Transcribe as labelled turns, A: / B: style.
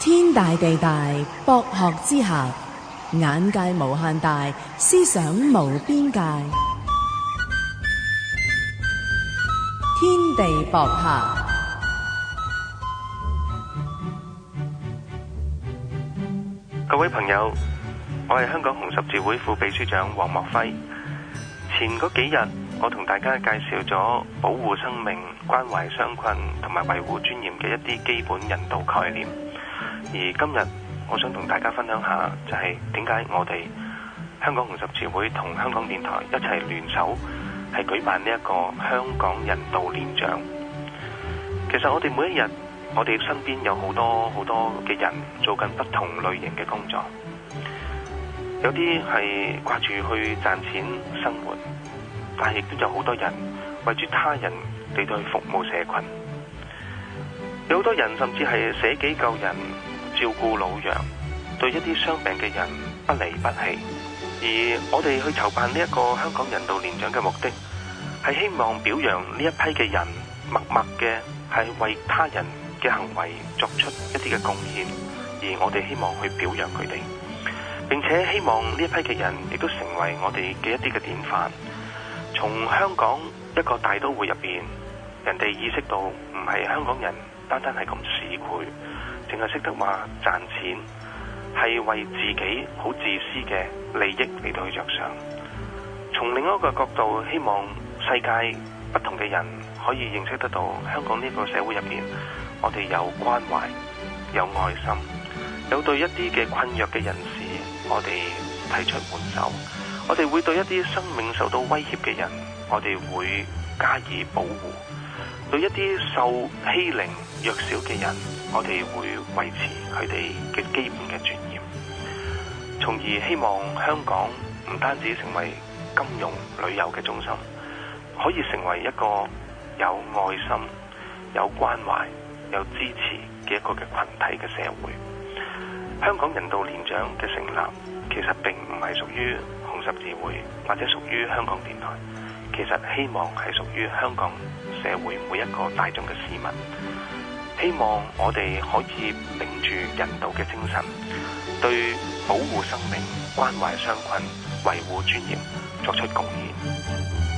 A: 天大地大，博學之下眼界無限大，思想無邊界。天地博客，各位朋友，我係香港紅十字會副秘書長黃莫輝。前嗰幾日，我同大家介紹咗保護生命、關懷傷困同埋維護尊嚴嘅一啲基本人道概念。而今日，我想同大家分享下，就係點解我哋香港紅十字會同香港電台一齊聯手，係舉辦呢一個香港人道年獎。其實我哋每一日，我哋身邊有好多好多嘅人做緊不同類型嘅工作，有啲係掛住去賺錢生活，但係亦都有好多人為住他人嚟到去服務社群，有好多人甚至係捨己救人。照顧老弱，對一啲傷病嘅人不離不棄。而我哋去籌辦呢一個香港人道年獎嘅目的，係希望表揚呢一批嘅人默默嘅係為他人嘅行為作出一啲嘅貢獻，而我哋希望去表揚佢哋，並且希望呢一批嘅人亦都成為我哋嘅一啲嘅典範。從香港一個大都會入邊，人哋意識到唔係香港人。單單係咁市儈，淨係識得話賺錢，係為自己好自私嘅利益嚟到去着想。從另一個角度，希望世界不同嘅人可以認識得到香港呢個社會入邊，我哋有關懷、有愛心、有對一啲嘅困弱嘅人士，我哋提出援手。我哋會對一啲生命受到威脅嘅人，我哋會加以保護，對一啲受欺凌弱小嘅人，我哋會維持佢哋嘅基本嘅尊嚴，從而希望香港唔單止成為金融旅遊嘅中心，可以成為一個有愛心、有關懷、有支持嘅一個嘅群體嘅社會。香港人道年獎嘅成立，其實並唔係屬於紅十字會或者屬於香港電台。其實希望係屬於香港社會每一個大眾嘅市民，希望我哋可以秉住人道嘅精神，對保護生命、關懷傷困、維護尊嚴作出貢獻。